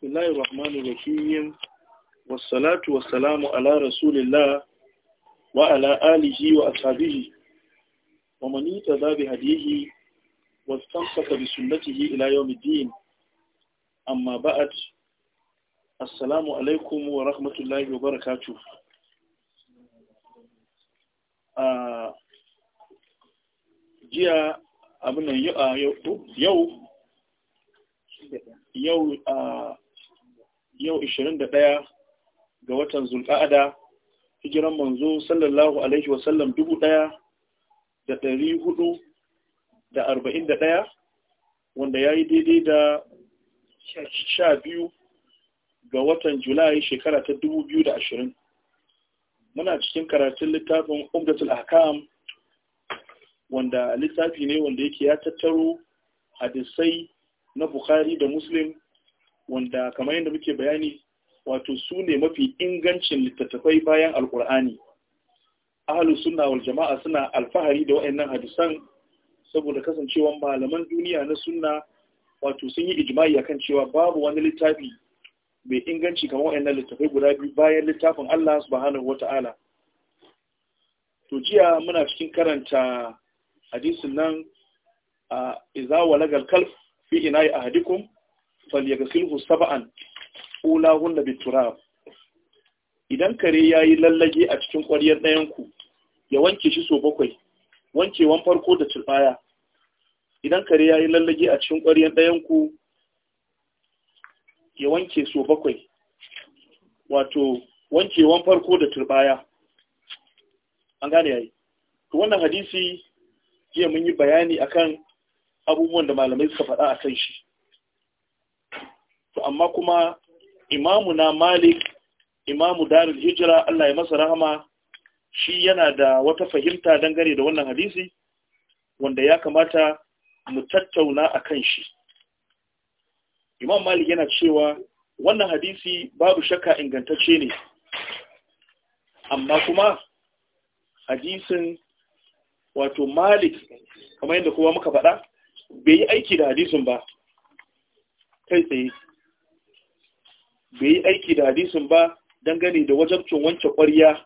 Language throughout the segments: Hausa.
Bismillahir Rahmanir Rahim. Wassalatu wassalamu ala Rasulillah wa ala alihi wa ashabihi. Wa man ittaba bi hadihi wastamsaka bi sunnatihi ila yawmiddin. Amma ba'd. Assalamu alaikum wa rahmatullahi wa barakatuh. Ah jiya abin ah, yau yau yau a ah, yau 21 ga watan zulƙa'ada hijiran manzo sallallahu alaihi wasallam 1441 wanda ya yi daidai da 12 ga watan julai shekara ta 2020 muna cikin karatun littafin umdatul akam wanda littafi ne wanda yake ya tattaro hadisai na bukhari da muslim wanda kamar yadda muke bayani wato su ne mafi ingancin littattafai bayan alkur'ani ahalu sunna wal jama'a suna alfahari da wa'annan hadisan saboda kasancewan malaman duniya na suna wato sun yi ijma'i akan cewa babu wani littafi mai inganci kamar wa'annan littattafai guda biyu bayan littafin Allah subhanahu wata'ala to jiya muna cikin karanta hadisin nan a iza walagal kalf fi ina ahadikum falyaghsilhu sab'an ulahunna biturab idan kare yayi lallage a cikin ƙwariyar ɗayan ku ya wanke shi so bakwai Wanke wan farko da turbaya idan kare yayi lallage a cikin ƙwariyar ɗayan ku ya wanke so bakwai wato wan farko da turbaya an gane yayi to wannan hadisi jiya mun yi bayani akan abubuwan da malamai suka faɗa a kan shi amma kuma imamu na malik imamu darul hijira Allah ya masa rahama shi yana da wata fahimta dangane da wannan hadisi wanda ya kamata mu tattauna a kan shi imam malik yana cewa wannan hadisi babu shakka ingantacce ne amma kuma hadisin wato malik kamar yadda kowa muka faɗa bai yi aiki da hadisin ba kai tsaye bai yi aiki da hadisin ba dangane da wajabcin wanke ƙwarya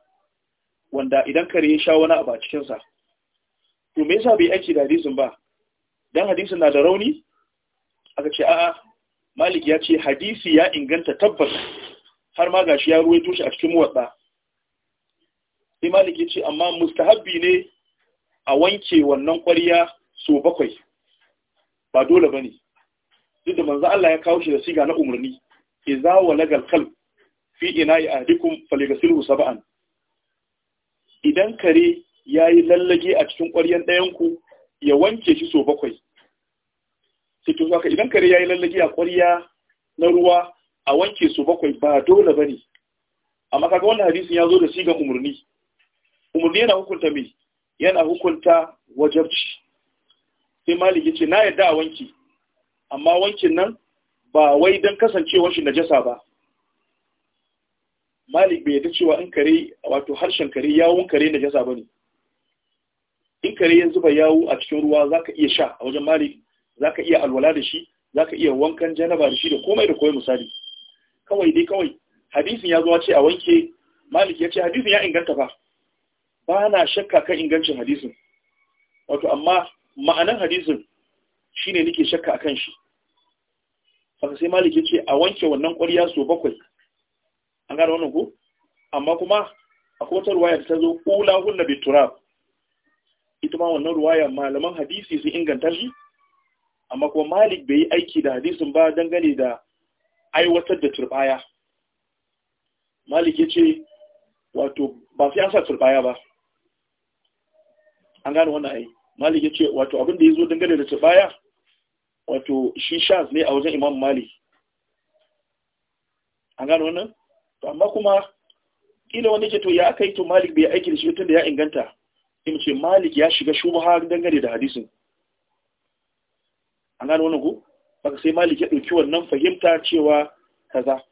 wanda idan kare ya sha wani abu a cikinsa to me yasa bai aiki da hadisin ba dan hadisin na da rauni aka ce a'a malik ya ce hadisi ya inganta tabbas har ma gashi ya ruwaito shi a cikin watsa. sai malik ya ce amma mustahabbi ne a wanke wannan ƙwarya so bakwai ba dole ba ne. duk da manzo Allah ya kawo shi da siga na umarni iza walaga al fi ina'i ahdikum falyghsilhu sab'an idan kare yayi lallage a cikin ƙwaryan ɗayan ku ya wanke shi so bakwai sai to haka idan kare yayi lallage a ƙwarya na ruwa a wanke so bakwai ba dole bane amma kaga wannan hadisin ya zo da sigan umurni umurni yana hukunta me yana hukunta wajabci sai maliki ce na yadda a wanke, amma wankin nan ba wai don kasancewar shi najasa ba malik bai yadda cewa in kare wato harshen kare yawon kare najasa ba ne in kare yanzu ba yawo a cikin ruwa za ka iya sha a wajen malik za ka iya alwala da shi za ka iya wankan janaba da shi da komai da komai misali kawai dai kawai hadisin ya zuwa ce a wanke malik ya ce hadisin ya inganta ba ba na shakka kan ingancin hadisin wato amma ma'anan hadisin shine nake shakka akan shi saka sai Maliki ya ce a wanke wannan ƙwarya so bakwai an gane wannan ko amma kuma a kotar ruwaya ta zo ƙula hunna bi turab ita ma wannan ruwaya malaman hadisi sun inganta shi amma kuma malik bai yi aiki da hadisin ba dangane da aiwatar da turbaya malik ya ce wato ba su an sa turbaya ba an gane wannan ai malik ya ce wato abin da ya zo dangane da turbaya wato shi shaz ne a wajen imam malik an gano wannan to amma kuma kila wani ke to ya aka yi to malik bai aiki da shi tun da ya inganta in ce malik ya shiga shubha dangane da hadisin an gano wannan ku baka sai malik ya ɗauki wannan fahimta cewa kaza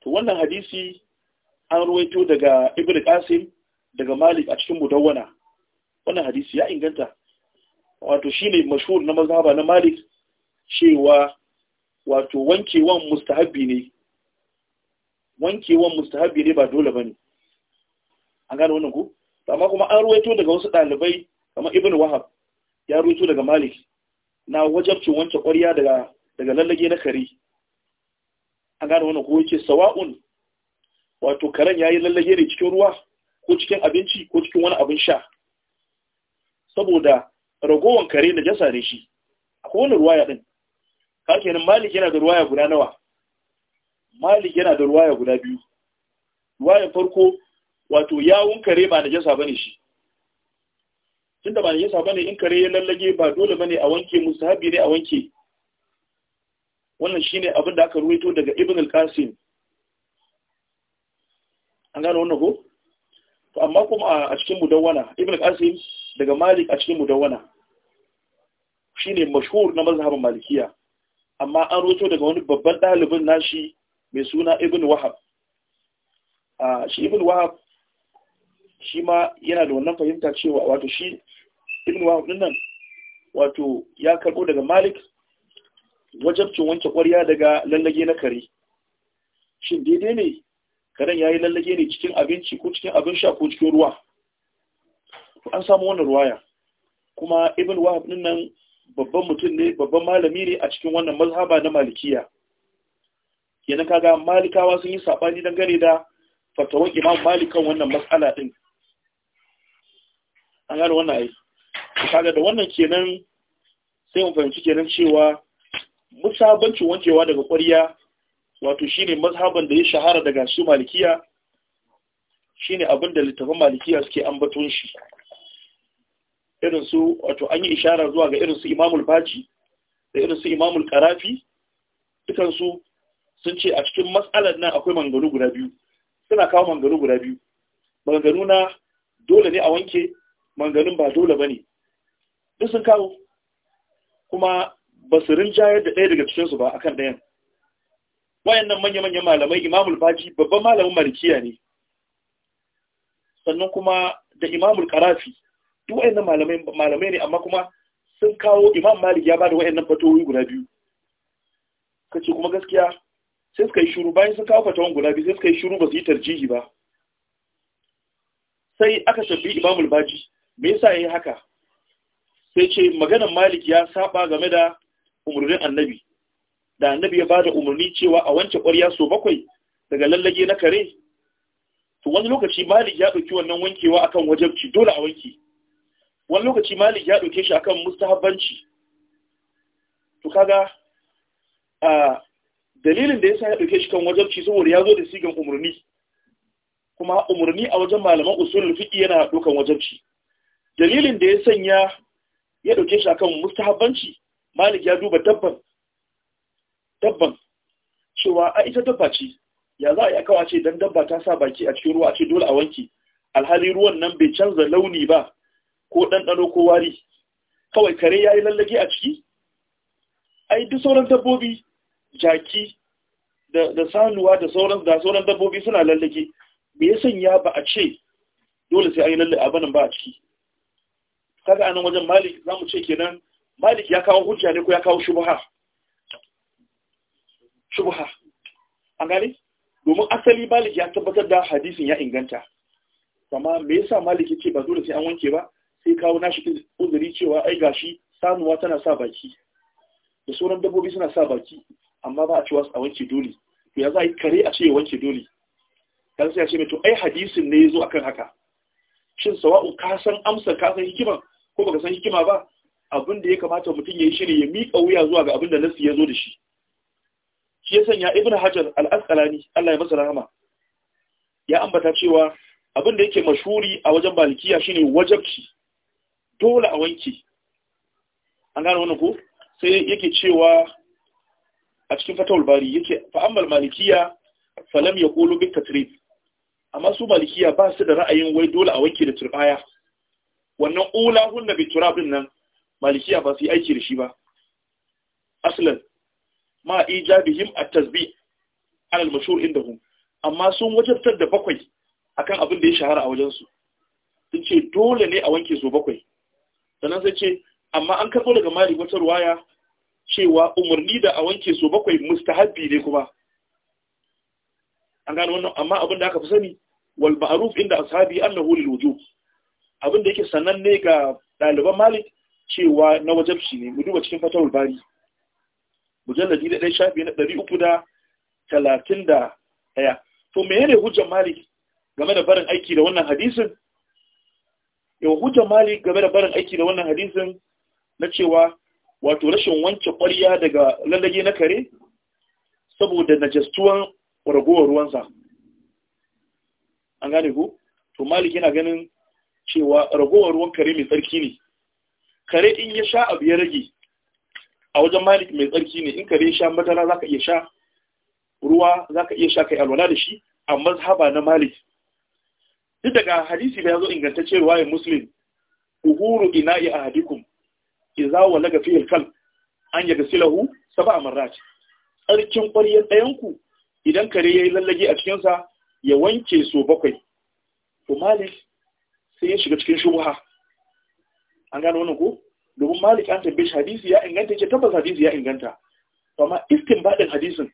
to wannan hadisi an ruwaito daga ibnu qasim daga malik a cikin mudawwana wannan hadisi ya inganta wato shine mashhur na mazhaba na Malik cewa wato wankewan mustahabi ne wankewan mustahabi ne ba dole ne an gane wannan ku amma kuma an ruwaito daga wasu dalibai kamar Ibn Wahab ya ruwaito daga Malik na wajabcin wanke ƙwarya daga daga lallage na kare an gane wannan ku yake sawa'un wato karen yayi lallage ne cikin ruwa ko cikin abinci ko cikin wani abin sha saboda ragowan kare da jasa ne shi akwai wani ruwaya din ka kenan malik yana da ruwaya guda nawa malik yana da ruwaya guda biyu ruwayan farko wato yawun kare ba da jasa bane shi tunda ba da jasa bane in kare ya lallage ba dole bane a wanke musahabi ne a wanke wannan shine abin da aka ruwaito daga ibn al-qasim an gano wannan ko to amma kuma a cikin mudawwana ibn al-qasim daga malik a cikin shi ne mashhur na mazhabin malikiya amma an roto daga wani babban ɗalibin nashi mai suna ibn wahab a shi ibn wahab shi ma yana da wannan fahimta cewa wato shi ibn wahab din nan wato ya karɓo daga malik wajabcin wanke ƙwarya daga lallage na kare shin daidai ne karen yayi lallage ne cikin abinci ko cikin abin sha ko cikin ruwa to an samu wannan ruwaya kuma ibn wahab din nan babban mutum ne babban malami ne a cikin wannan mazhaba na malikiya kenan kaga malikawa sun yi sabani dangane da fatawan imam malikan wannan matsala din an gano wannan ai kaga da wannan kenan sai mu fahimci kenan cewa musabancin wankewa daga ƙwarya wato shine mazhaban da ya shahara daga su malikiya shine abin da littafin malikiya suke ambaton shi irin su wato an yi ishara zuwa ga irin su imamul baji da irin su imamul karafi dukansu sun ce a cikin matsalar nan akwai manganu guda biyu suna kawo manganu guda biyu manganu na dole ne a wanke manganun ba dole ba ne duk sun kawo kuma ba su rinjayar da ɗaya daga cikinsu ba a kan ɗayan wayannan manya-manyan malamai imamul faci babban malamin malikiya ne sannan kuma da imamul karafi duk wayannan malamai ne amma kuma sun kawo Imam Malik ya bada wayannan fatawoyi guda biyu kace kuma gaskiya sai suka yi shuru bayan sun kawo fatawan guda biyu sai suka yi shuru ba su yi tarjihi ba sai aka tabbi Imam al-Baji me yasa yi haka sai ce maganar Malik ya saba game da umurnin Annabi da Annabi ya ba da umurni cewa a wanke ƙwarya so bakwai daga lallage na kare to wani lokaci Malik ya ɗauki wannan wankewa akan wajabci dole a wanke wani lokaci malik ya ɗauke shi akan mustahabbanci to kaga a dalilin da yasa ya ɗauke shi kan wajabci saboda ya zo da sigan umarni kuma umarni a wajen malaman usulul fiqh yana ɗaukan wajabci dalilin da ya sanya ya ɗauke shi akan mustahabbanci malik ya duba dabban dabban cewa a ita dabba ce ya za a yi akawa ce don dabba ta sa baki a cikin ruwa a ce dole a wanke alhali ruwan nan bai canza launi ba ko ɗanɗano ko wari kawai kare ya yi lallage a ciki ai duk sauran dabbobi jaki da sanuwa da sauran da sauran dabbobi suna lallage me ya sanya ba a ce dole sai an yi lalle abanin ba a ciki kaga anan wajen malik za mu ce kenan malik ya kawo hujja ne ko ya kawo shubuha shubuha an gane domin asali malik ya tabbatar da hadisin ya inganta amma me yasa malik yake ba dole sai an wanke ba sai kawo nashi uzuri cewa ai gashi samuwa tana sa baki da sauran dabbobi suna sa baki amma ba a cewa a wanke dole to ya za a yi kare a ce ya wanke dole kan sai ya ce mai to ai hadisin ne ya zo akan haka shin sawa'u ka san amsar ka san hikima ko baka san hikima ba abin da ya kamata mutum ya yi shine ya miƙa wuya zuwa ga abin da nasi ya zo da shi shi ya sanya ibn hajar al-asqalani Allah ya masa rahama ya ambata cewa abin da yake mashuri a wajen malikiya shine wajabci dole a wanke an gane wani ko sai yake cewa a cikin fatawul bari yake fa'ammal malikiya falam ya kolo bin amma su malikiya ba su da ra'ayin wai dole a wanke da turbaya wannan ula hunna bi turabin nan malikiya ba su yi aiki da shi ba aslan ma ijabihim at-tasbih ala al-mashhur indahum amma sun wajabtar da bakwai akan abin da ya shahara a wajen su sun ce dole ne a wanke su bakwai sannan sai ce amma an karɓo daga malik wata ruwaya cewa umarni da a wanke so bakwai mustahabi ne kuma an gano wannan amma abin da aka fi sani wal ma'ruf inda ashabi annahu lil wujub abin da yake sananne ga ɗaliban malik cewa na wajabci ne mu duba cikin fatawul bari mujalladi da ɗaya shafi na ɗari da talatin da ɗaya to menene hujjar malik game da barin aiki da wannan hadisin yau hujjar malik game da barin aiki da wannan hadisin na cewa wato rashin wance ƙwarya daga lallage na kare saboda najastuwan ragowar ruwansa an gane ku to malik yana ganin cewa ragowar ruwan kare mai tsarki ne kare in ya sha abu ya rage a wajen malik mai tsarki ne in kare sha madara za ka iya sha ruwa za ka iya sha kai alwala da shi a mazhaba na malik duk daga hadisi da ya zo ingantacce ruwayin muslim uhuru ina a ahadikum iza walaga fi alkal an yaga silahu sab'a marrat tsarkin ƙwaryar ɗayanku idan kare yayi lallage a cikin sa ya wanke so bakwai to malik sai ya shiga cikin shubuha an gano wannan ko domin malik an tabbe shi hadisi ya inganta ce tabbas hadisi ya inganta amma istinbadin hadisin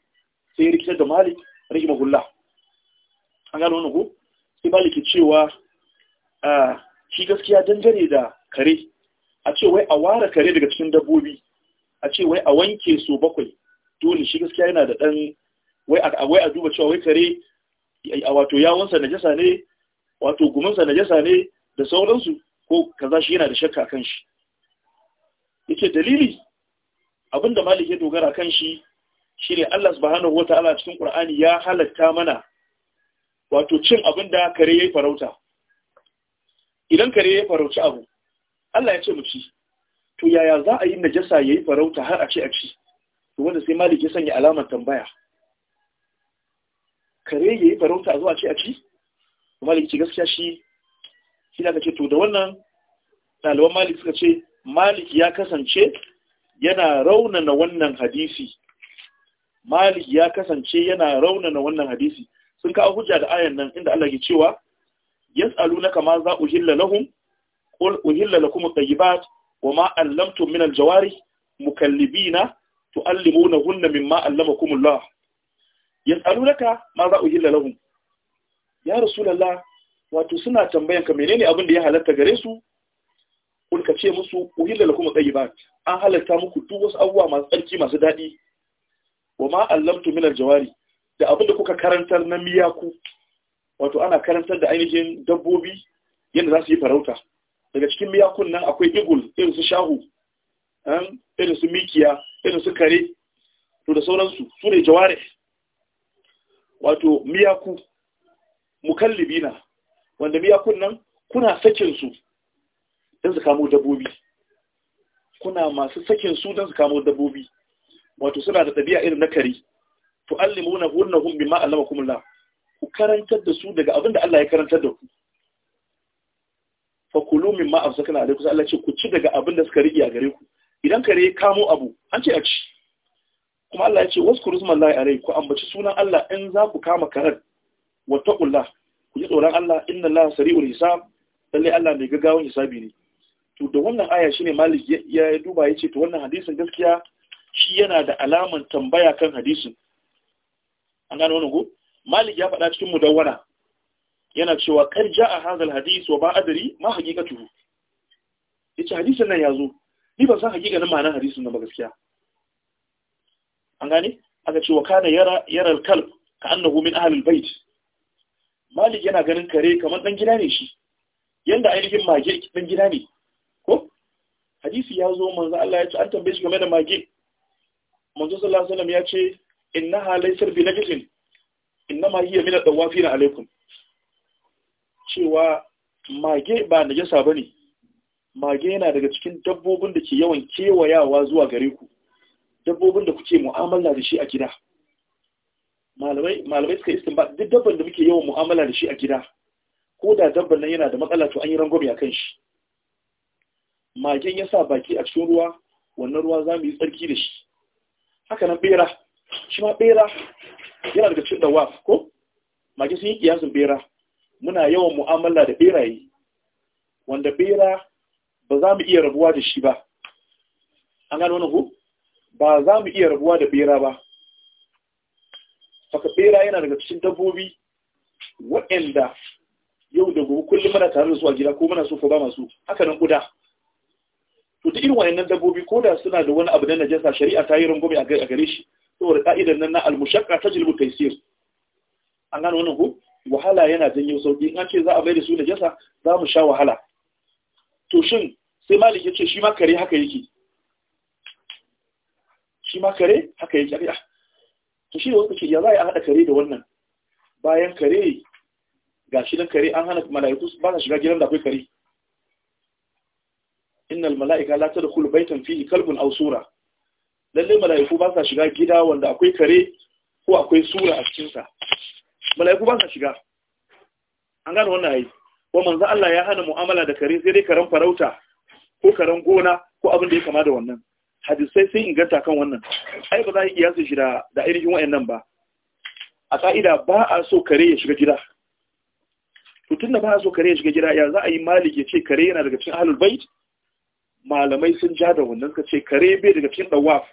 sai ya rikitar da malik rahimahullah an gano wannan ko sai ke cewa a ah, shi gaskiya dangane da kare a ce wai a ware kare daga cikin dabbobi a ce wai a wanke su bakwai dole shi gaskiya yana da dan wai a wai a duba cewa wai kare a wato yawonsa najasa ne wato gumansa jasa ne da sauransu ko kaza shi yana da shakka kan shi yake dalili abinda malik ya dogara kan shi shine Allah subhanahu wataala cikin Qur'ani ya halatta mana wato cin abin da kare ya yi farauta idan kare ya yi farauta abu Allah ya ce mu ci to yaya za a yi najasa ya yi farauta har a ce a ci to wanda sai malik ya sanya alamar tambaya kare ya yi farauta a zuwa ce a ci malik ce gaskiya shi shi da ce to da wannan ɗaliban malik suka ce malik ya kasance yana raunana wannan hadisi malik ya kasance yana raunana wannan hadisi sun kawo hujja da ayan nan inda Allah ke cewa yas'alunaka kama za uhilla lahum qul uhilla lakum at-tayyibat allamtum min al-jawarih mukallibina tu'allimunahunna mimma allamakumullah yas'alunaka ma za uhilla lahum ya rasulullah wato suna tambayan ka menene abin da ya halatta gare su kun ka ce musu uhilla lakum at-tayyibat an halatta muku duk wasu abubuwa masu tsarki masu dadi wama allamtum min al-jawarih da abin da kuka karantar na miyaku wato ana karantar da ainihin dabbobi yadda za su yi farauta daga cikin miyakun nan akwai igul irin su shahu irin su mikiya irin su kare to da sauransu su ne jaware wato miyaku na wanda miyakun nan kuna sakin su don su kamo dabbobi kuna masu sakin su don su kamo dabbobi wato suna da tabi'a irin na kare hunnahum bima allamakumullah ku karantar da su daga abin da Allah ya karantar da ku fa kulu mimma afsakna alaykum Allah ce ku ci daga abin da suka riƙe a gare ku idan kare ya kamo abu an ce a ci kuma Allah ya ce wasu smallahi alaikum ku ambaci sunan Allah in za ku kama karar wa taqullah ku ji tsoron Allah inna Allah sari'ul hisab lalle Allah mai gaggawan hisabi ne to da wannan aya shine malik ya duba yace to wannan hadisin gaskiya shi yana da alaman tambaya kan hadisin an gano wani ku malik ya faɗa cikin mudawwana yana cewa kar a hanzar hadis wa ba adari ma haqiqatuhu yace hadisin nan yazo ni ban san haqiqanin ma'anar hadisin nan ba gaskiya an gane aka ce wa kana yara yara ka annahu min ahli al malik yana ganin kare kamar dan gida ne shi yanda ainihin mage dan gida ne ko hadisi yazo manzo Allah ya ce an tambaye shi game da mage manzo sallallahu alaihi wasallam ya ce innaha laysar bi najisin innama hiya min ad-dawafin alaikum cewa mage ba najasa bane mage yana daga cikin dabbobin da ke yawan kewayawa zuwa gare ku dabbobin da kuke mu'amala da shi a gida malamai malamai suka istinba duk dabban da muke yawan mu'amala da shi a gida ko da dabban nan yana da matsala to an yi rangwame a kan shi magen ya sa baki a cikin ruwa wannan ruwa za mu yi tsarki da shi haka nan bera shi ma bera yana daga cikin dawaf ko maki sun yi kiyasin bera muna yawan mu'amala da beraye wanda bera ba za mu iya rabuwa da shi ba an gano wani ku ba za mu iya rabuwa da bera ba saka bera yana daga cikin dabbobi waɗanda yau da gobe kullum muna tare da su a gida ko muna so ko ba masu haka nan guda to ta irin wayannan dabbobi ko da suna da wani abu da najasa shari'a ta yi rungume a gare shi saboda ka'idar nan na almushakka ta tajlibu taisir an gano wannan ku? wahala yana janyo sauki in an ce za a bai da su da jasa za mu sha wahala to shin sai malik ya ce shi ma kare haka yake shi ma kare haka yake a ah. to shi da wasu ke ya za a haɗa kare da wannan bayan kare ga shi nan kare an hana mala'iku ba sa shiga gidan da akwai kare innal mala'ika la da baytan fihi kalbun aw sura lalle mala'iku ba sa shiga gida wanda akwai kare ko akwai sura a cikinsa mala'iku ba sa shiga an gano wannan yayi ko manzo Allah ya hana mu'amala da kare sai dai karan farauta ko karan gona ko abin da ya kama da wannan hadisai sun inganta kan wannan ai ba za a iya shi da da irin wayannan ba a ka'ida ba a so kare ya shiga gida to tunda ba a so kare ya shiga gida ya za a yi malike ce kare yana daga cikin ahlul bait malamai sun ja da wannan suka ce kare bai daga cikin dawaf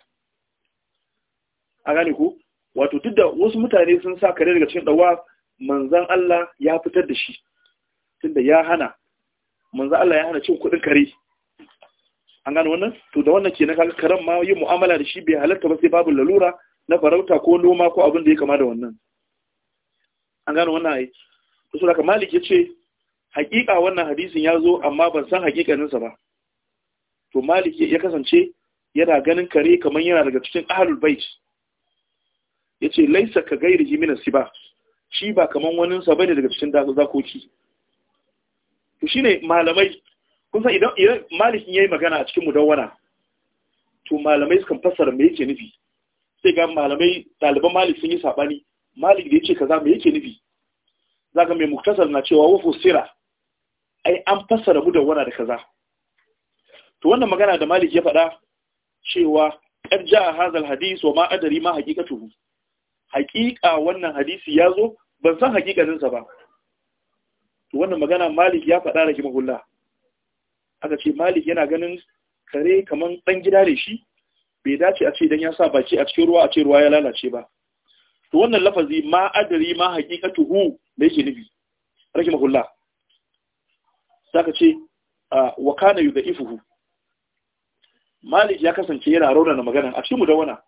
a gane ku wato duk da wasu mutane sun sa kare daga cikin ɗawaf manzan Allah ya fitar da shi tunda ya hana manzan Allah ya hana cin kuɗin kare an gane wannan to da wannan kenan kaga karen ma yin mu'amala da shi bai halarta ba sai babu lalura na farauta ko noma ko abin da ya kama da wannan an gane wannan ai to saboda malik ce hakika wannan hadisin ya zo amma ban san hakikaninsa ba to malik ya kasance yana ganin kare kamar yana daga cikin ahlul bait yace laisa ka gairihi min ba, shi ba kaman wani sa bane daga cikin zakoki to shine malamai kun san idan idan malikin yayi magana a cikin mudawwana to malamai sukan fassara me yake nufi sai ga malamai ɗaliban malik sun yi saɓani malik da ya ce kaza me yake nufi Zaka mai muktasar na cewa wa fusira ai an fassara mu da kaza to wannan magana da malik ya faɗa cewa ƙarja a hazal hadisi wa ma adari ma haƙiƙatuhu haƙiƙa wannan hadisi ya zo ban san haƙiƙaninsa ba to wannan magana malik ya faɗa da kimahullah aka ce malik yana ganin kare kaman ɗan gida ne shi bai dace a ce idan ya sa baki a cikin ruwa a ce ruwa ya lalace ba to wannan lafazi ma adari ma hu da yake nufi rahimahullah saka ce wa kana ifuhu malik ya kasance yana raunana magana a cikin wana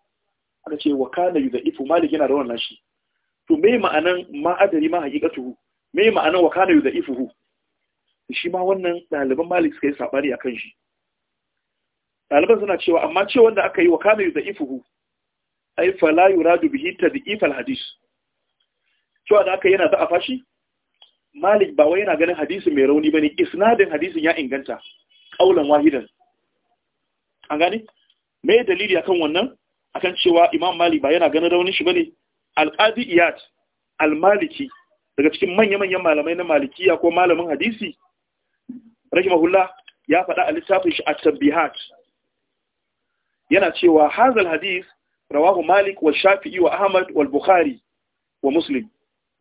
aka ce wa kana yudaifu malik yana da wannan shi to me ma'anan ma adari ma haqiqatuhu me ma'anan wa kana yudaifuhu shi ma wannan ɗaliban malik suka yi a akan shi ɗaliban suna cewa amma ce wanda aka yi wa kana hu? ai fala yuradu bihi tadif alhadis cewa da aka yana da shi malik ba wai yana ganin hadisi mai rauni bane isnadin hadisin ya inganta kaulan wahidan an gane me dalili akan wannan akan cewa imam malik ba yana ganin raunin shi bane alqadi iyad almaliki daga cikin manya-manyan malamai na malikiya ko malamin hadisi rahimahullah ya faɗa a littafin shi at-tabihat yana cewa hazal hadis rawahu malik wa shafi'i wa ahmad wal bukhari wa muslim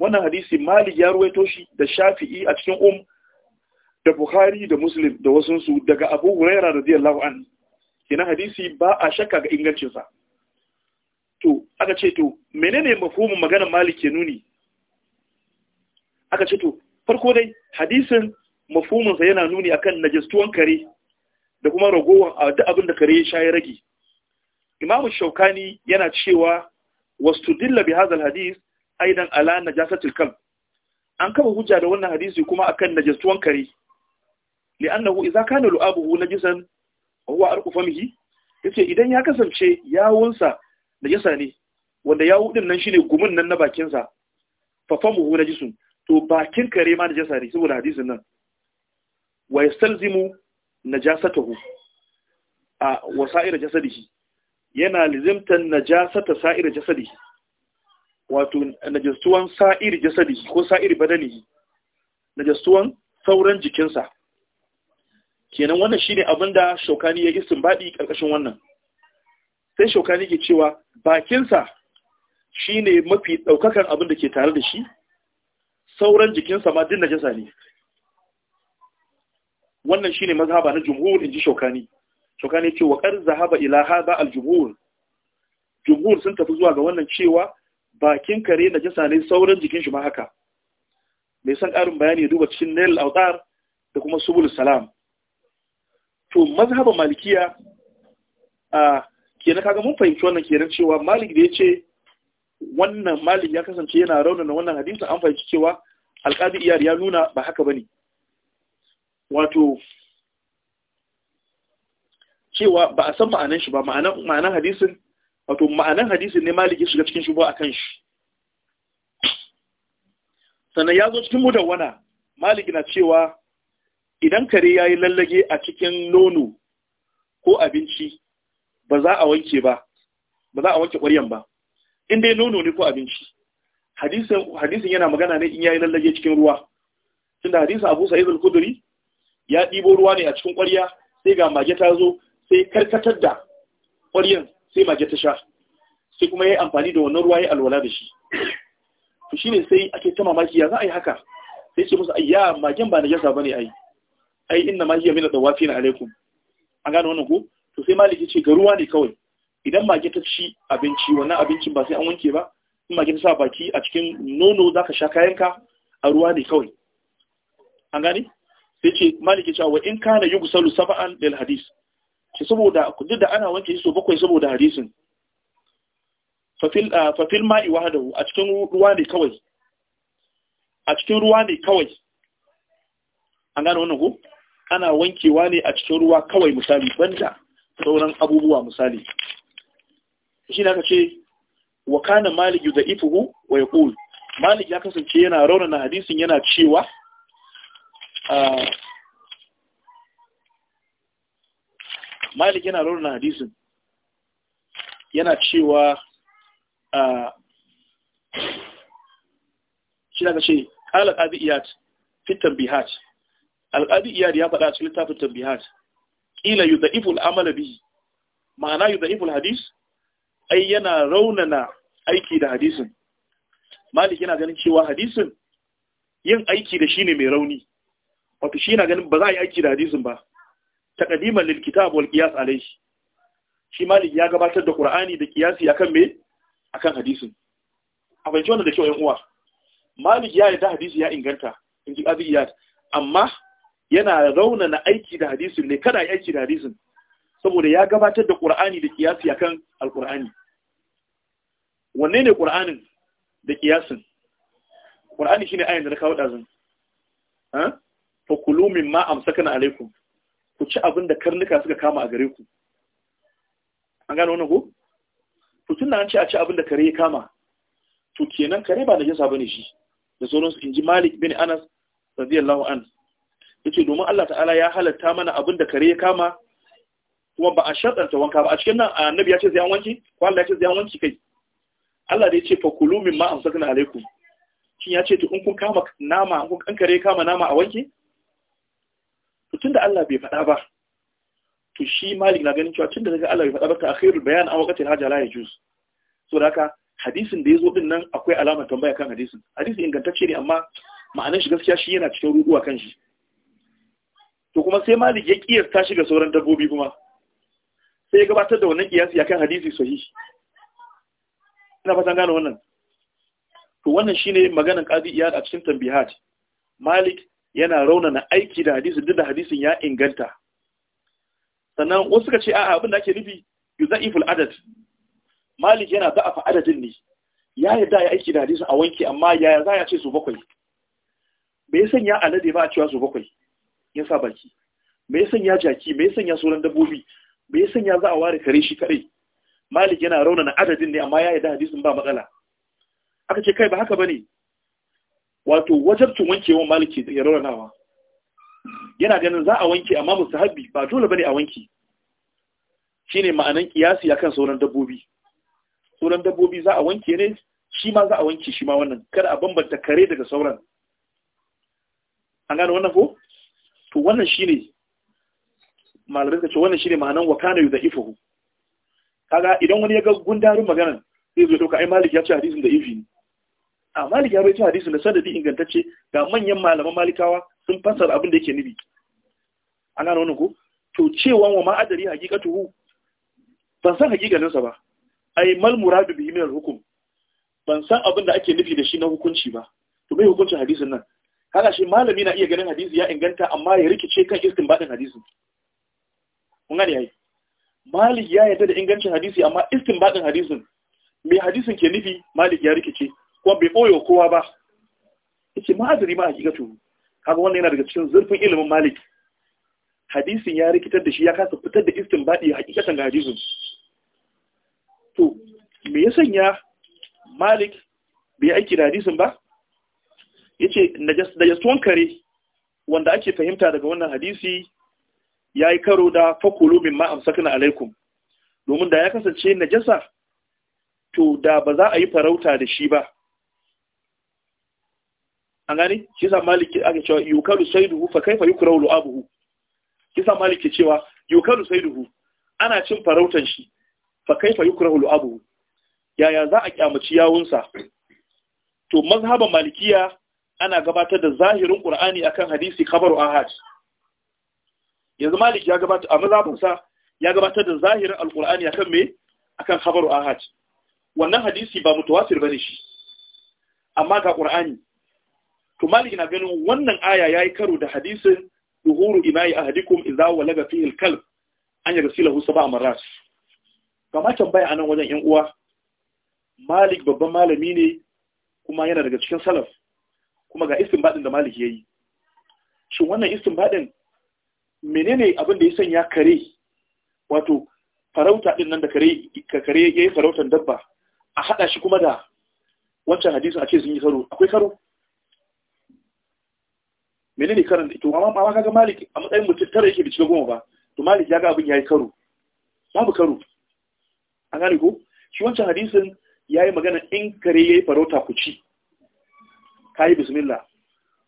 wannan hadisi malik ya ruwaito shi da shafi'i a cikin um da bukhari da muslim da wasunsu daga abu huraira radiyallahu anhu kenan hadisi ba a shakka ga ingancinsa to aka ce to menene mafhumin maganar malik ke nuni aka ce to farko dai hadisin mafhumin sa yana nuni akan najistuwan kare da kuma ragowar duk abin da kare ya sha ya rage imam shaukani yana cewa wastudilla bi hadis, hadis aidan ala najasatil kalb an kafa hujja da wannan hadisi kuma akan najistuwan kare li'annahu idza kana lu'abuhu najisan huwa arqu famihi yace idan ya kasance yawunsa Da najasa ne wanda ya din nan shine gumin nan na bakin sa fa famuhu najisun to bakin kare ma da najasa ne saboda hadisin nan wa yastalzimu najasatahu a wasa'ir jasadihi yana lazimtan najasata sa'ir jasadihi wato najasuwan sa'ir jasadihi ko sa'ir badanihi najasuwan sauran jikinsa kenan wannan shine abinda shokani ya yi istinbadi karkashin wannan sai shaukani ke cewa bakinsa shi ne mafi ɗaukakan abin da ke tare da shi sauran jikinsa ma din najasa ne wannan shi ne mazhaba na jumhur in ji shaukani shaukani ce wa ƙar zahaba ila haɗa aljumhur jumhur sun tafi zuwa ga wannan cewa bakin kare najasa ne sauran jikin shi ma haka mai san ƙarin bayani ya duba cikin nail autar da kuma subul salam to mazhaba malikiya a kenan kaga mun fahimci wannan kenan cewa malik da ya ce wannan malik ya kasance yana raunana wannan hadisin an fahimci cewa alƙadi iyar ya nuna ba haka bane wato cewa ba a san ma'anan shi ba ma'anan hadisin wato ma'anan hadisin ne malik ya shiga cikin shi ba akan shi sannan ya zo cikin mudawwana malik na cewa idan kare ya yi lallage a cikin nono ko abinci ba za a wanke ba ba za a wanke ƙwaryan ba in dai nono ne ko abinci hadisin yana magana ne in yayi lallage cikin ruwa tunda hadisin Abu Sa'id al-Khudri ya ɗibo ruwa ne a cikin ƙwarya sai ga mage ta zo sai karkatar da ƙwaryan sai mage ta sha sai kuma ya amfani da wannan ruwa ya alwala da shi to shi sai ake ta mamaki ya za a yi haka sai ce musu ayya magen ba na bane ba ne ai ai inna ma hiya mina dawafi alaikum an gane wannan ko to sai maliki ce ga ruwa ne kawai idan mage ta ci abinci wannan abincin ba sai an wanke ba in mage ta sa baki a cikin nono za ka sha kayanka a ruwa ne kawai an gani, sai ce maliki ce wa in kana gusalu saba'an lil hadis shi saboda duk da ana wanke shi so bakwai saboda hadisin fafil ah, ma'i wahadahu a cikin ruwa ne kawai a cikin ruwa ne kawai an gane wannan ko ana wankewa ne a cikin ruwa kawai misali banda sauran abubuwa misali shi na ce wa kana malik yudaifuhu wa yaqul malik ya kasance yana na hadisin yana cewa ah, malik yana na hadisin yana cewa ah, shi na ce qala qadi iyad fi tanbihat al-qadi ya faɗa cikin littafin tanbihat kila yudaifu amala bihi ma'ana yudaifu al-hadis ai yana raunana aiki da hadisin malik yana ganin cewa hadisin yin aiki da shi ne mai rauni wato shi yana ganin ba za a yi aiki da hadisin ba taqdiman lil kitab wal qiyas alayhi shi malik ya gabatar da qur'ani da qiyasi akan me akan hadisin abin bayyana da kyau 'yan uwa malik ya yi da hadisi ya inganta in ji qadiyat amma yana raunana aiki da hadisun ne kada aiki da hadisun saboda ya gabatar da ƙura'ani da ƙiyasi akan kan alƙura'ani wanne ne Qur'anin da ƙura'ani shi shine ayin da na kawo ɗazin ha fa kulu mimma amsakana alaikum ku ci abin da karnuka suka kama a gare ku an gano wani ku? to tunda an ce a ci abin da kare ya kama to kenan kare ba ba ne shi da sauransu ji Malik bin Anas radiyallahu anas yace domin Allah ta'ala ya halatta mana abin da kare ya kama kuma ba a shaddanta wanka ba a cikin nan annabi ya ce zai wanki ko Allah ya ce zai wanki kai Allah da ya ce fa kulu mimma amsakna alaikum shin ya ce to in kun kama nama In kun kankare kama nama a wanke to tunda Allah bai faɗa ba to shi malik na ganin cewa tunda daga Allah bai faɗa ba ta akhirul bayan an waqatil haja la yajuz so haka hadisin da yazo din nan akwai alamar tambaya kan hadisin hadisi ingantacce ne amma ma'anar shi gaskiya shi yana cikin ruduwa kan shi to kuma sai malik ya kiyasta shi ga sauran dabbobi kuma sai ya gabatar da wannan kiyasi akan hadisi sahih ina fatan gano wannan to wannan shine maganar qadi iyad a cikin tambihat malik yana raunana aiki da hadisi duk da hadisin ya inganta sannan wasu suka ce a'a abin da ake nufi yuzaiful adad malik yana da'afa adadin ne ya yadda ya aiki da hadisi a wanki, amma yaya za ya ce su bakwai bai sanya alade ba a cewa su bakwai ya sa baki me ya sanya jaki me ya sanya sauran dabbobi me ya sanya za a ware kare shi kare? malik yana na adadin ne amma ya yi da hadisin ba matsala aka ce kai ba haka bane wato wanke wa malik ya raunanawa yana ganin za a wanke amma mustahabbi ba dole bane a wanke shine ma'anan kiyasi akan sauran dabbobi sauran dabbobi za a wanke ne shi ma za a wanke shi ma wannan kada a bambanta kare daga sauran an gano wannan ko to wannan shine malamin ka ce wannan shine ma'anan wa kana yudaifuhu kaga idan wani ya ga gundarin magana, sai zai dauka ai malik ya ce hadisin da ifi a malik ya ce hadisin da sanadi ingantacce ga manyan malaman malikawa sun fassara abin da yake nubi ana nuna ko to cewa wa ma'adari haqiqatuhu ban san haqiqanin sa ba ai mal muradu bihi min al-hukm ban san abin da ake nufi da shi na hukunci ba to me hukuncin hadisin nan kaga shi malami na iya ganin hadisi ya inganta amma ya rikice kan istinbadin hadisin kun gane yayi malik ya yarda da ingancin hadisi amma istinbadin hadisin me hadisin ke nufi malik ya rikice kuma bai boyo kowa ba yace ma azuri ma hakikatu kaga wannan yana daga cikin zurfin ilimin malik hadisin ya rikitar da shi ya kasa fitar da istinbadi hakikatan ga hadisin to me ya sanya malik bai aiki da hadisin ba yace tuwon kare wanda ake fahimta daga wannan hadisi ya yi karo da fakulu mimma amsakna alaikum domin da ya kasance najasa to da ba za a yi farauta da shi ba an gani shi sa maliki ake cewa yukaru saiduhu fa kaifa yukrahu lu'abuhu shi sa maliki cewa yukaru saiduhu ana cin farautan shi fa kaifa yukrahu lu'abuhu yaya za a kyamaci yawunsa to mazhaban malikiya ana gabatar da zahirin qur'ani akan hadisi khabaru ahad yanzu malik ya gabatar a mazabinsa ya gabatar da zahirin alqur'ani akan me akan khabaru ahad wannan hadisi ba ba bane shi amma ga ƙur'ani. to malik na ganin wannan aya yayi karo da hadisin duhuru inayi ahadikum idza walaga fihi alkalb an yarsilahu sab'a Ba kama tambaya anan wajen yan uwa malik babban malami ne kuma yana daga cikin salaf kuma ga istinbadin da ya yayi shin wannan istinbadin menene abin da ya sanya kare wato farauta din nan da kare ka kare yayi farautan dabba a hada shi kuma da wancan hadisin a ce sun yi karo akwai karo menene karan to amma ma kaga malik a matsayin mutum tara yake bici goma ba to malik ya ga abin yayi karo babu karo an gane ko shi wancan hadisin yayi magana in kare yayi farauta ku ci ka yi bismillah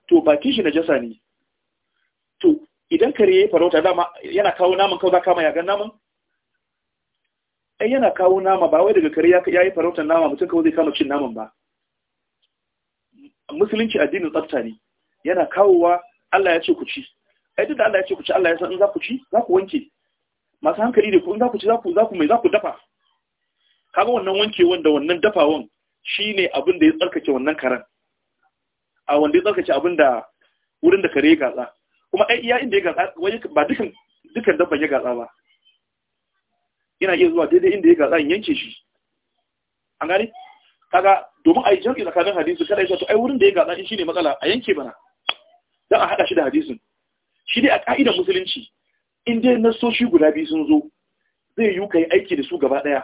to bakin shi najasa ne to idan kare ya farauta dama yana kawo naman kawo za kama yagan naman ai yana kawo nama ba wai daga kare ya yi farautar nama mutum kawo zai kama cin naman ba musulunci addinin tsafta ne yana kawowa Allah ya ce ku ci ai duk da Allah ya ce ku ci Allah ya san in za ku ci za ku wanke masu hankali da ku in za ku ci za ku za ku mai za ku dafa kaga wannan wankewan da wannan dafawan shine abin da ya tsarkake wannan karan a wanda ya tsarkace abin da wurin da kare ya gatsa kuma ai iya inda ya gatsa wani ba dukan dukan dabban ya gatsa ba ina iya zuwa daidai inda ya gatsa in yanke shi an gane kaga domin a yi jam'i tsakanin hadisi kada ya to ai wurin da ya gatsa shi ne matsala a yanke bana dan a hada shi da hadisin shi dai a ka'idar musulunci in dai nasoshi guda biyu sun zo zai yi kai aiki da su gaba daya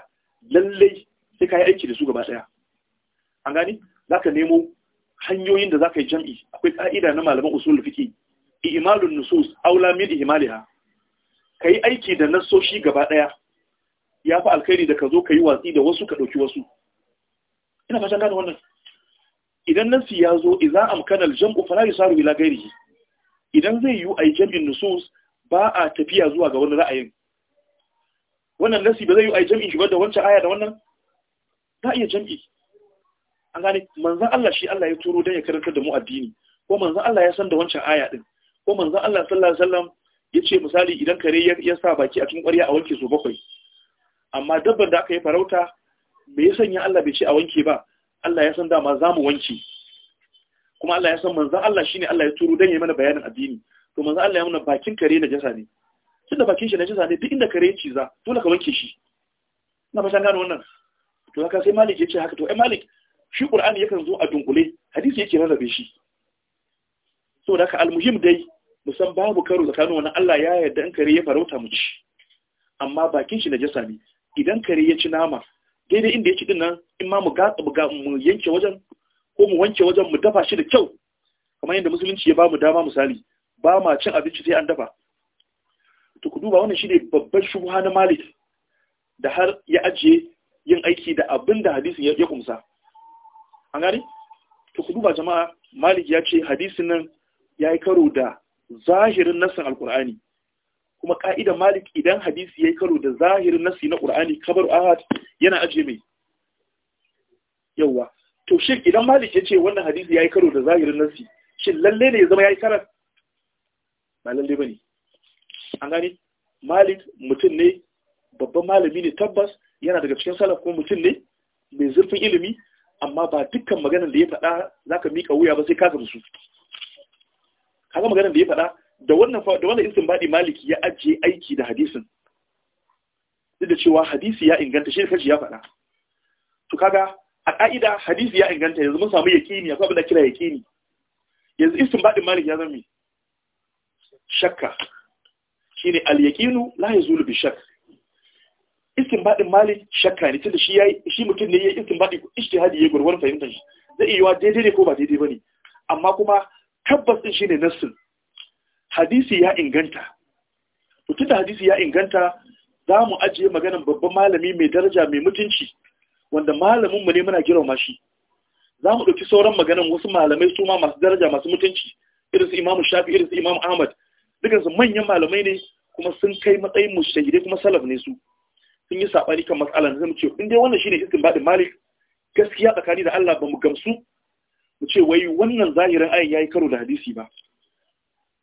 lallai sai ka yi aiki da su gaba daya an gani ka nemo hanyoyin da za ka yi jam'i akwai ƙa'ida na malaman usul fiki, imalun nusus aula min ihmaliha ka yi aiki da nasoshi gaba ɗaya ya fi alkhairi da ka zo ka yi watsi da wasu ka ɗauki wasu ina fashin gane wannan idan Nasi ya zo iza amkana al-jam'u fala yusaru ila ghairihi idan zai yi ai jam'in nusus ba a tafiya zuwa ga wani ra'ayin wannan Nasi ba zai yi ai jam'in shi ba da wancan aya da wannan za a iya jam'i an gane manzan Allah shi Allah ya turo don ya karanta da mu addini ko manzan Allah ya san da wancan aya din ko manzan Allah sallallahu alaihi wasallam ya ce misali idan kare ya sa baki a cikin ƙwarya a wanke su bakwai amma dabban da aka yi farauta me ya sanya Allah bai ce a wanke ba Allah ya san dama za mu wanke kuma Allah ya san manzan Allah shine Allah ya turo don ya mana bayanin addini to manzan Allah ya mana bakin kare na jasa ne tun da bakin shi na jasa ne duk inda kare ya ciza dole ka wanke shi na fasa gano wannan to haka sai malik ya ce haka to ai malik shi ƙur'ani yakan zo a dunkule hadisi yake rarrabe shi da haka almuhim dai musan babu karo tsakanin wannan Allah ya yarda in kare ya farauta mu ci amma bakin shi najasa ne idan kare ya ci nama daidai inda ya ci din in ma mu gatsa mu yanke wajen ko mu wanke wajen mu dafa shi da kyau kamar yadda musulunci ya ba mu dama misali ba ma cin abinci sai an dafa to ku duba wannan shine babban shubha na malik da har ya ajiye yin aiki da abin da hadisin ya kumsa an gani to ku duba jama'a malik ya ce hadisin nan ya yi karo da zahirin nasin alkur'ani kuma ka'ida malik idan hadisi ya yi karo da zahirin nasi na ƙur'ani kabar ahad yana aje mai yawa to shi idan malik ya ce wannan hadisi ya yi karo da zahirin nasi, shin lalle ne ya zama ya yi karar ba lalle ba ne an gani malik mutum ne babban malami ne tabbas yana daga cikin salaf kuma mutum ne mai zurfin ilimi amma ba dukkan maganar da ya faɗa za ka miƙa wuya ba sai ka gamsu kaga maganar da ya faɗa da wannan da wannan maliki ya ajiye aiki da hadisin duk da cewa hadisi ya inganta shi kaji ya faɗa to kaga a ƙa'ida hadisi ya inganta yanzu mun samu yaƙini akwai abin da kira yaƙini yanzu istinbadin maliki ya zama shakka shine al-yaqinu la yazulu bi shakk istinbadin malik shakka ne tunda shi shi mutum ne ya istinbadi ijtihadi ya gurwar fahimtar shi zai iya daidai ne ko ba daidai ne. amma kuma tabbas din shine nassin hadisi ya inganta to tunda hadisi ya inganta za mu ajiye maganan babban malami mai daraja mai mutunci wanda malamin mu ne muna girma shi za mu ɗauki sauran maganan wasu malamai su ma masu daraja masu mutunci irin su imamu shafi irin su imamu ahmad dukansu manyan malamai ne kuma sun kai matsayin mu mushahidai kuma salaf ne su sun yi saɓani kan matsalar na mu ce in dai wannan shine baɗin malik gaskiya tsakani da Allah ba mu gamsu mu ce wai wannan zahirin ayin yi karo da hadisi ba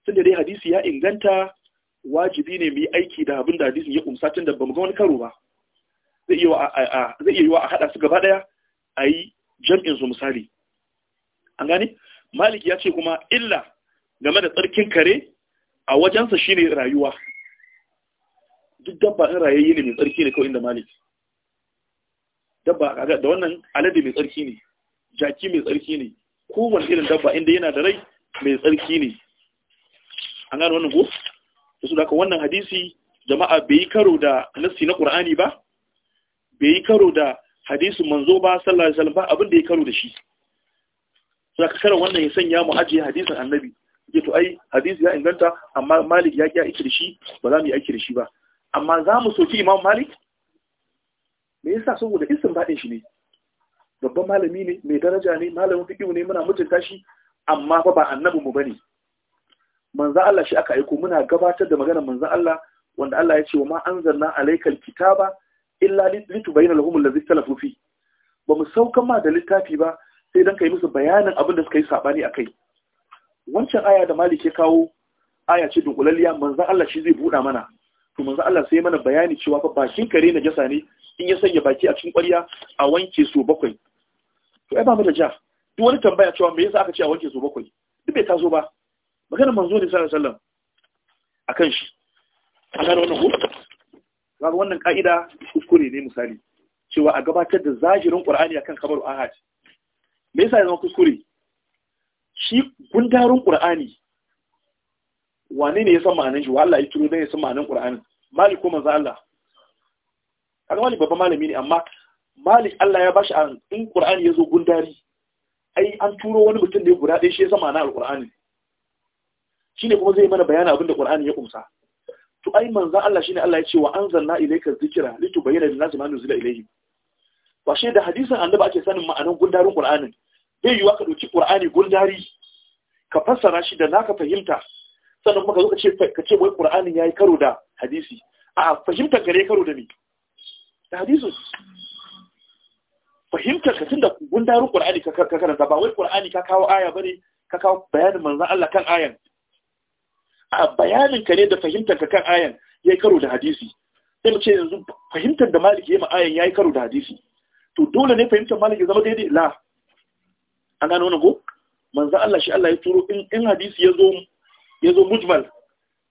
tun da dai hadisi ya inganta wajibi ne mu yi aiki da abin da hadisi ya umsa tun da ba mu ga wani karo ba zai iya yiwa a haɗa su gaba ɗaya a yi jam'in su misali an gane malik ya ce kuma illa game da tsarkin kare a wajensa shine rayuwa duk dabba in rayayye ne mai tsarki ne kawai inda malik dabba da wannan alade mai tsarki ne jaki mai tsarki ne kowane irin dabba inda yana da rai mai tsarki ne an gano wannan ko da su daga wannan hadisi jama'a bai yi karo da nassi na ƙur'ani ba bai yi karo da hadisin manzo ba sallallahu alaihi wasallam ba abin da ya karo da shi za ka kara wannan ya sanya mu ajiye hadisin annabi ya to ai hadisi ya inganta amma malik ya kiya aiki da shi ba za mu yi aiki da shi ba amma za mu soki imam malik me yasa saboda isin baɗin shi ne babban malami ne mai daraja ne malamin fiƙiyu ne muna mutunta shi amma fa ba annabi mu bane manzo Allah shi aka aiko muna gabatar da maganar manzan Allah wanda Allah ya ce wa ma anzalna alaykal kitaba illa litubayyana lahum allazi ikhtalafu fi ba mu sauka ma da littafi ba sai dan kai musu bayanin abin da suka yi sabani akai wancan aya da malike kawo aya ce dunkulalliya manzan Allah shi zai buɗa mana to manzo Allah sai mana bayani cewa fa bakin kare na jasa ne in ya sanya baki a cikin ƙwarya a wanke su bakwai to ai ba mu da ja duk wani tambaya cewa me yasa aka ce a wanke su bakwai duk bai taso ba maganar manzo ne sallallahu alaihi wasallam akan shi A gano wannan ko kaga wannan ka'ida kuskure ne misali cewa a gabatar da zahirin Qur'ani akan kabaru ahad me yasa ya zama kuskure shi gundarun Qur'ani wani ne ya san ma'anin shi wa Allah ya turo da ya san ma'anin Qur'ani Malik ko manzo Allah kaga Malik babban malami ne amma Malik Allah ya bashi an in Qur'ani yazo gundari ai an turo wani mutum da ya guda ɗaya shi ya san ma'anin Alƙur'ani. qurani shine kuma zai mana bayanin abin da Qur'ani ya kumsa to ai manzo Allah shine Allah ya ce wa anzalna ilayka dhikra litubayyana lin-nasi ma nuzila ilayhim ba shi da hadisin annabi ake sanin ma'anin gundarin Qur'anin bai yiwa ka dauki Qur'ani gundari ka fassara shi da naka fahimta sannan kuma ka zo ka ce ka ce wai qur'anin yayi karo da hadisi a fahimtar gare karo da me da hadisi fahimtar ka tunda daru qur'ani ka karanta ba wai qur'ani ka kawo aya bane ka kawo bayanin manzon Allah kan ayan a bayanin ka ne da fahimtar ka kan ayan yayi karo da hadisi sai mu ce yanzu fahimtar da maliki yayi ma ayan yayi karo da hadisi to dole ne fahimtar maliki zama daidai la an gano go? ko manzon Allah shi Allah ya turo in hadisi ya zo ya zo mujmal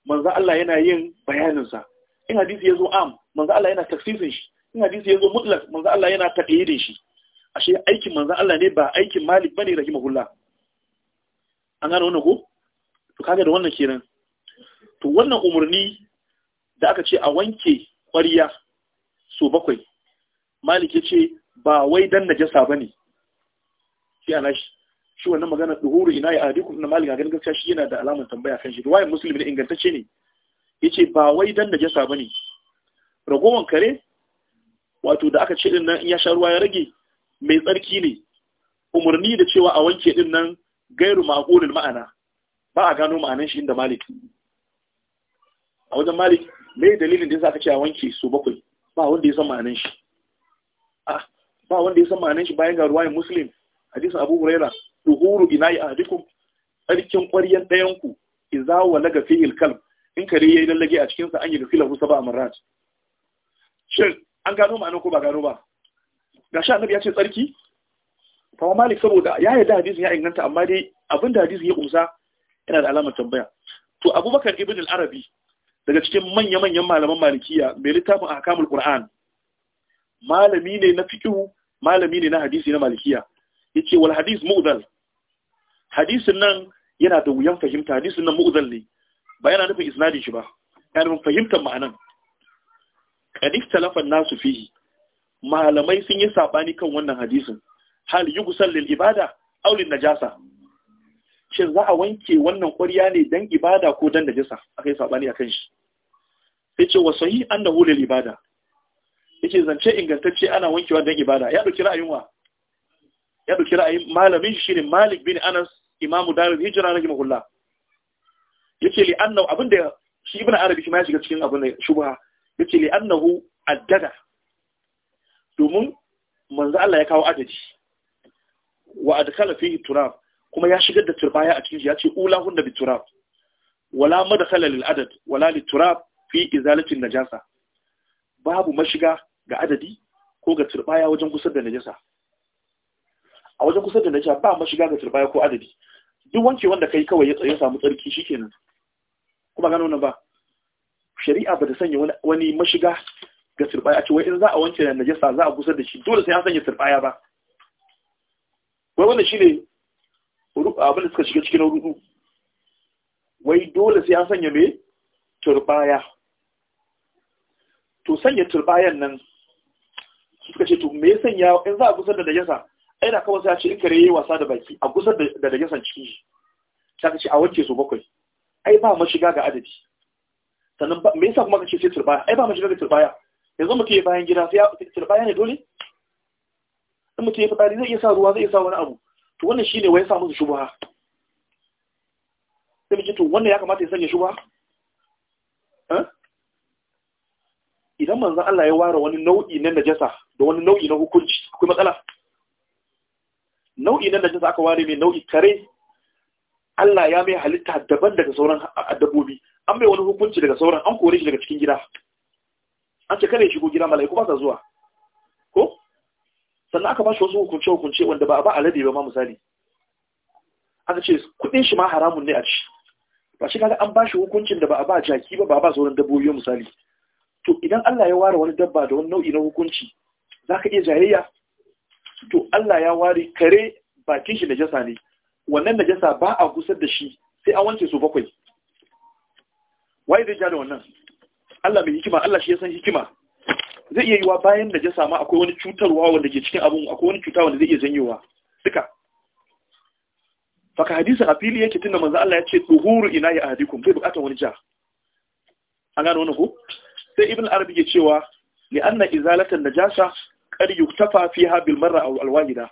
manzo Allah yana yin bayaninsa in hadisi ya zo am manzo Allah yana tafsirin shi in hadisi ya zo mutlak manzo Allah yana taqyidin shi ashe aikin manzo Allah ne ba aikin Malik bane rahimahullah an gano wannan ko to kaga da wannan kenan to wannan umarni da aka ce a wanke ƙwariya so bakwai Malik ya ce ba wai dan najasa bane shi ana shi shi wannan magana duhuru ina ya adiku na malik ganin gaskiya shi yana da alamar tambaya kan shi ruwayan muslim ne ingantacce ne yace ba wai dan jasa bane ragowan kare wato da aka ce din nan in ya sha ruwa ya rage mai tsarki ne umarni da cewa a wanke din nan gairu ma'qulul ma'ana ba a gano ma'anan shi inda malik a wajen malik me dalilin da yasa aka ce a wanke su bakwai ba wanda ya san ma'anan shi ah ba wanda ya san ma'anan shi bayan ga ruwayan muslim hadisin abu huraira duhuru ina'i ahadikum tsarkin ƙwaryen ɗayanku iza wa laga fi'il kalm, in kare yayi lallage a cikin sa an yi gafila husa ba amrat shin an gano ma'ana ko ba gano ba gashi annabi ya ce tsarki fa malik saboda ya yi da hadisin ya inganta amma dai abin da hadisin ya kusa yana da alamar tambaya to abubakar ibn al-arabi daga cikin manya-manyan malaman malikiya mai littafin ahkamul qur'an malami ne na fiqh malami ne na hadisi na malikiya yace wal hadis mu'dal hadisin nan yana da wuyan fahimta hadisin nan mu'uzal ne ba yana nufin isnadin shi ba yana nufin fahimtar ma'anan kadif talafan nasu fihi malamai sun yi sabani kan wannan hadisin hal yugsal lil ibada aw lin najasa shin za a wanke wannan ƙwarya ne dan ibada ko dan najasa akai sabani akan shi ce wa sahih annahu lil ibada yake zance ingantacce ana wankewa dan ibada ya dauki ra'ayin wa ya ɗauki ra'ayin malamin shi ne malik bin anas imamu darul hijira na gimahullah ya ce li annahu abin da shi ibn arabi shi ma ya shiga cikin abin da shubha ya ce li annahu addada domin manzo Allah ya kawo adadi wa adkhala fihi turab kuma ya shigar da turbaya a cikin shi ya ce ulahun da biturab wala madkhala lil adad wala li turab fi izalatin najasa babu mashiga ga adadi ko ga turbaya wajen gusar da najasa a wajen kusa da na ba mashiga ga turbaya ko adadi duk wanke wanda kai kawai ya tsaye samu tsarki shikenan kuma gano nan ba shari'a ba ta sanya wani mashiga ga turbaya a cewa in za a wanke da najasa za a kusa da shi dole sai an sanya turbaya ba wai wanda shine abin da suka shiga cikin rudu wai dole sai an sanya mai turbaya to sanya turbayan nan suka ce to me ya sanya in za a kusa da najasa ina kawai sai a ce in kare yayi wasa da baki a gusar da da gasan cikin shi sai ka ce a wanke su bakwai ai ba shiga ga adadi sannan me yasa kuma kace sai turbaya ai ba shiga ga turbaya yanzu mutum ya bayan gida sai turbaya ne dole in mutum ya fitsari zai iya sa ruwa zai iya sa wani abu to wannan shine wai ya sa musu shubuha sai mu ce to wannan ya kamata ya sanya shubuha eh idan manzon Allah ya ware wani nau'i na najasa da wani nau'i na hukunci akwai matsala nau'i na najasa aka ware mai nau'i kare Allah ya mai halitta daban daga sauran dabbobi an mai wani hukunci daga sauran an kore shi daga cikin gida an ce kare shigo gida mala'iku ba sa zuwa ko sannan aka ba shi wasu hukunce hukunce wanda ba a ba alade ba ma misali aka ce kudin shi ma haramun ne a ci ba shi kaga an ba shi hukuncin da ba a ba jaki ba ba ba sauran dabbobi misali to idan Allah ya ware wani dabba da wani nau'i na hukunci zaka iya jayayya to Allah ya ware kare bakin shi najasa ne wannan najasa ba a gusar da shi sai an wanke su bakwai Wai zai ja da wannan Allah mai hikima Allah shi ya san hikima zai iya yiwa bayan najasa ma akwai wani cutarwa wanda ke cikin abun akwai wani cuta wanda zai iya janyowa duka faka hadisin a fili yake tunda manzo Allah ya ce tuhuru ina ya ahadikum bai bukata wani ja an gano wannan ko sai ibn arabi ke cewa li anna izalatan najasa kad yuktafa fiha bil marra aw al wahida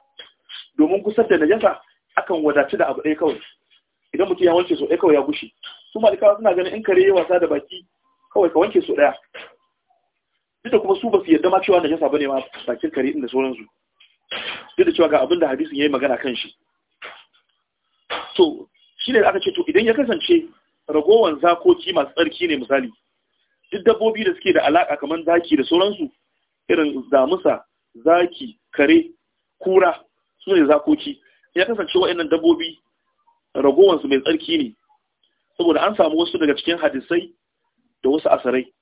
domin kusa da najasa akan wadaci da abu ɗaya kawai idan mutum ya wanke so ɗaya kawai ya gushi su malikawa suna ganin in kare wasa da baki kawai ka wanke so ɗaya duk da kuma su ba su yarda ma cewa najasa bane ma bakin kare inda sauransu duk da cewa ga abin da hadisin yi magana kan shi to shi ne aka ce to idan ya kasance ragowar zakoki masu tsarki ne misali duk dabbobi da suke da alaka kamar zaki da sauransu irin damusa zaki kare kura su ne zakoki ya kasance wa'annan dabbobi ragowansu mai tsarki ne saboda an samu wasu daga cikin hadisai da wasu asarai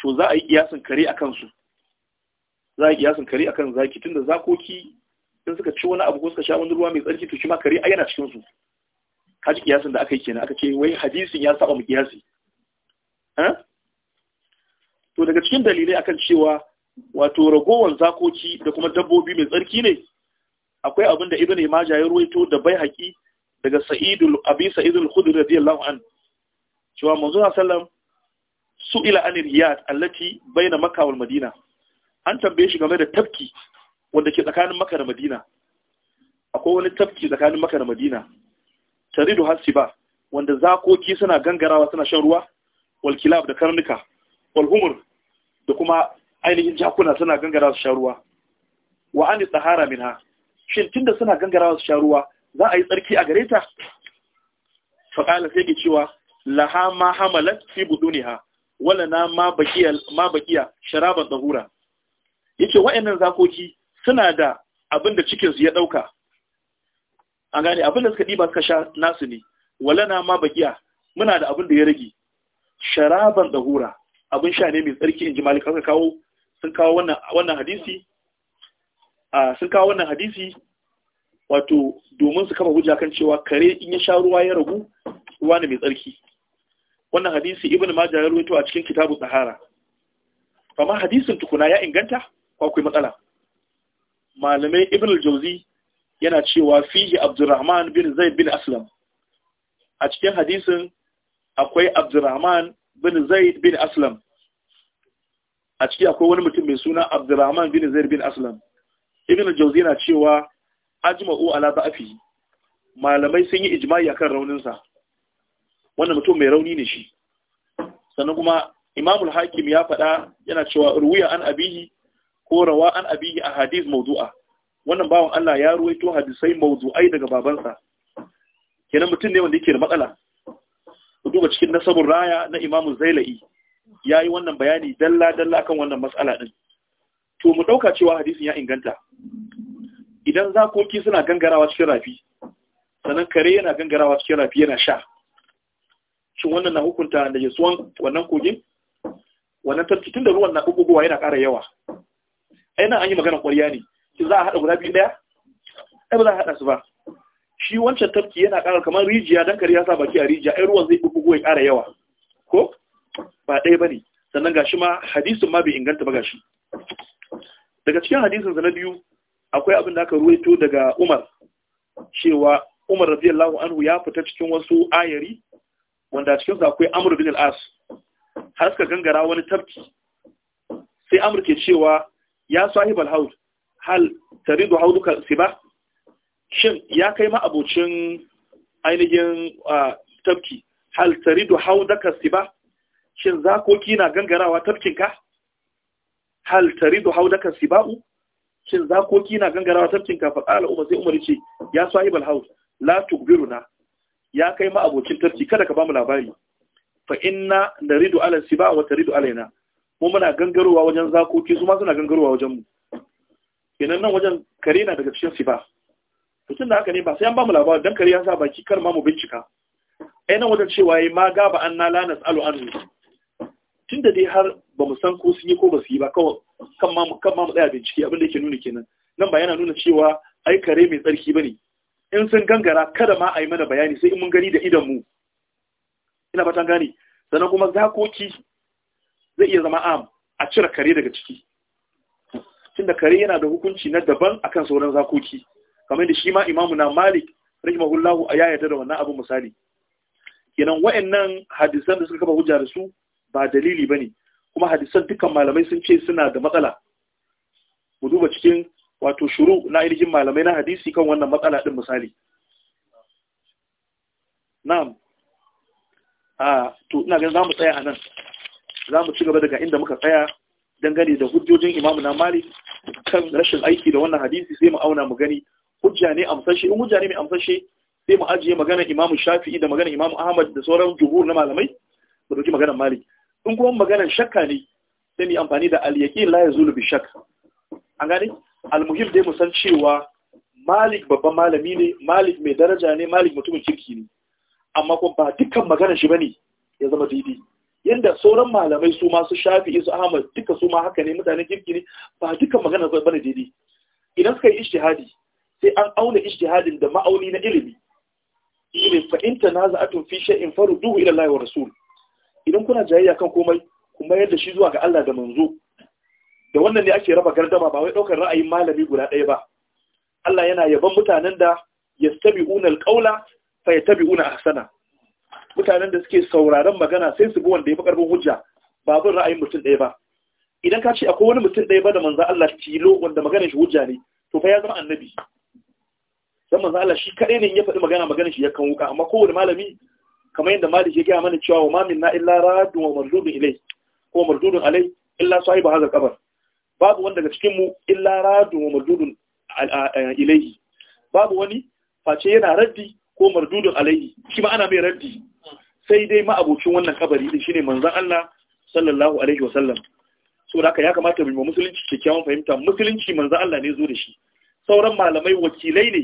to za a yi iyasin kare a kansu za a yi iyasin kare a kan zaki tunda zakoki in suka ci wani abu ko suka sha wani ruwa mai tsarki to shi ma kare a yana cikinsu kaji kiyasin da aka yi kenan aka ce wai hadisin ya saba mu kiyasi eh? to daga cikin dalilai akan cewa wato ragowar zakoci da kuma dabbobi mai tsarki ne akwai abin da ibn imaja ya ruwaito da bai haƙi daga sa'idul abi sa'idul khudri radiyallahu an cewa manzo sallam ila anil riyad allati baina makka wal madina an tambaye shi game da tafki wanda ke tsakanin makka da madina akwai wani tafki tsakanin makka da madina taridu hasiba wanda zakoki suna gangarawa suna shan ruwa wal kilab da karnuka wal humur da kuma ainihin jakuna suna gangara su sha ruwa wa an tsahara ha, shin tunda suna gangara su sha ruwa za a yi tsarki a gare ta fa sai ke cewa laha ma hamalat fi buduniha wala na ma bakiya ma sharaban tahura yace wa'annan zakoki suna da abinda cikin su ya dauka an gane abin da suka diba suka sha nasu ne wala na ma bakiya muna da abinda ya rage sharaban tahura abin sha ne mai tsarki in ji malik aka kawo sun kawo wannan wannan hadisi a sun kawo wannan hadisi wato domin su kama hujja kan cewa kare in ya sha ruwa ya ragu ruwa ne mai tsarki wannan hadisi ibnu majah ya rawaito a cikin kitabu sahara amma hadisin tukuna ya inganta ko akwai matsala malamai ibnu jauzi yana cewa fihi abdurrahman bin zaid bin aslam a cikin hadisin akwai abdurrahman bin zaid bin aslam a ciki akwai wani mutum mai suna Abdurrahman bin Zaid bin Aslam Ibn al-Jawzi na cewa ajma'u ala ba'fi malamai sun yi ijma'i akan raunin sa wannan mutum mai rauni ne shi sannan kuma Imam al-Hakim ya faɗa yana cewa ruwiya an abihi ko rawa an abihi a hadith mawdu'a wannan bawan Allah ya ruwaito hadisai mawdu'ai daga babansa kenan mutum ne wanda yake da matsala ku duba cikin nasabun raya na Imam Zailai ya yi wannan bayani dalla-dalla kan wannan matsala ɗin to mu ɗauka cewa hadisin ya inganta idan zakoki suna gangarawa cikin rafi sannan kare yana gangarawa cikin rafi yana sha shin wannan na hukunta da suwan wannan kogin wannan tun da ruwan na ɓuɓɓugowa yana ƙara yawa ai nan an yi magana ƙwarya ne shi za a haɗa guda biyu ɗaya ai ba za a haɗa su ba shi wancan tafki yana ƙara kamar rijiya don kare ya sa baki a rijiya ai ruwan zai ɓuɓɓugo ya ƙara yawa ko ba ɗaya ba ne, sannan gashi ma hadisin ma bai inganta ba gashi daga cikin hadisun sa na biyu akwai abin da aka ruwaito daga Umar cewa Umar radiyallahu anhu ya fita cikin wasu ayari wanda cikin sa akwai Amr bin al-As har suka gangara wani tafki sai Amr ke cewa ya sahibal haud hal taridu hauduka siba shin ya kai ma abocin ainihin ah, tafki hal taridu haudaka siba shin zakoki na gangarawa tafkinka hal taridu haudaka siba'u shin zakoki na gangarawa tafkinka fa qala umar sai umar ce ya sahibal haud la tukbiruna ya kai ma abokin tafki kada ka bamu labari fa inna naridu ala siba'u wa taridu alaina mu muna gangarowa wajen zakoki su ma suna gangarowa wajen mu kenan nan wajen kare na daga cikin siba mutum da haka ne ba sai an bamu labari dan kare ya sa baki kar ma mu bincika ai nan wajen cewa yayi ma gaba an na lanas alu anhu tun da dai har ba mu san ko sun yi ko ba su yi ba kawai kan ma mu tsaya bincike abin da yake nuna kenan nan ba yana nuna cewa ai kare mai tsarki ba ne. in sun gangara kada ma a yi mana bayani sai in mun gani da idan mu ina fatan gane sannan kuma zakoki zai iya zama am a cire kare daga ciki da kare yana da hukunci na daban akan sauran zakoki kamar da shi ma imamu na malik rahimahullahu a yayata da wannan abu misali kenan wa'annan hadisan da suka kafa hujja da su ba dalili ba ne. kuma hadisan dukkan malamai sun ce suna da matsala Ku duba cikin wato shuru na ainihin malamai na hadisi kan wannan matsala ɗin misali na'am a to ina ganin mu tsaya a za mu ci gaba daga inda muka tsaya dangane da hujjojin imamu na malik kan rashin aiki da wannan hadisi sai mu auna mu gani hujja ne amsashe in hujja ne mai amsashe sai mu ajiye maganar imamu shafi'i da maganar imamu ahmad da sauran juhur na malamai mu dauki maganar malik in kuma maganar shakka ne sai mu amfani da al-yaqin la yazulu bi shakka an gane al-muhim dai mu san cewa malik babban malami ne malik mai daraja ne malik mutumin kirki ne amma kuma ba dukkan maganar shi bane ya zama daidai yanda sauran malamai su ma su shafi su ahmad duka su ma haka ne mutanen kirki ne ba dukkan maganar su bane daidai idan suka yi ijtihadi sai an auna ijtihadin da ma'auni na ilimi ilimi fa a tun fi shay'in faruduhu ila Allah wa rasul idan kuna jayayya kan komai ku mayar da shi zuwa ga Allah da manzo da wannan ne ake raba gardama ba wai daukar ra'ayin malami guda ɗaya ba Allah yana yaban mutanen da yastabi'una alqaula fa ahsana mutanen da suke sauraron magana sai su bi wanda yafi karbin hujja ba bin ra'ayin mutum ɗaya ba idan ka ce akwai wani mutum ɗaya ba da manzo Allah tilo wanda maganar shi hujja ne to fa ya zama annabi dan manzo Allah shi kadai ne ya faɗi magana maganar shi ya kan wuka amma kowane malami kamar yadda malik ya gaya mana cewa wa mamin na illa radun wa mardudun ilai ko mardudun alai illa sahibu hadha qabr babu wanda daga cikin mu illa radun wa mardudun ilai. babu wani face yana raddi ko mardudun alai, shi ma ana mai raddi sai dai ma abokin wannan kabari din shine manzon Allah sallallahu alaihi wasallam saboda haka ya kamata mu musulunci kyakkyawan fahimta musulunci manzon Allah ne zo da shi sauran malamai wakilai ne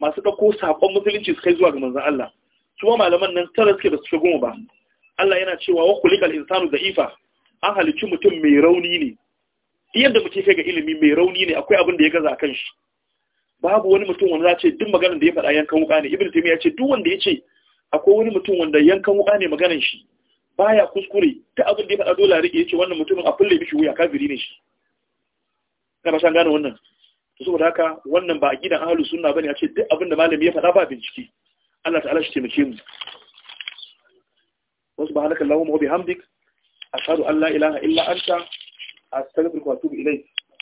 masu dauko sakon musulunci su kai zuwa ga manzon Allah su ma malaman nan tara suke da su goma ba Allah yana cewa wa kulikal insanu da'ifa an halicci mutum mai rauni ne yadda muke kai ga ilimi mai rauni ne akwai abin da ya gaza kan shi babu wani mutum wanda zace ce duk maganar da ya faɗa yankan wuka ne ibn taymiya ya ce duk wanda ya ce akwai wani mutum wanda yankan wuka ne maganar shi baya kuskure ta abin da ya faɗa dole rike ya ce wannan mutumin a fulle mishi wuya kafiri ne shi na ba gane wannan to saboda haka wannan ba a gidan ahlus sunna bane a ce duk abin da malami ya faɗa ba bincike Allah ta'ala shi taimake mu wasu ba halakar lawan mawabi hamdik a Allah ilaha illa anta a sarrafin kwatu ilai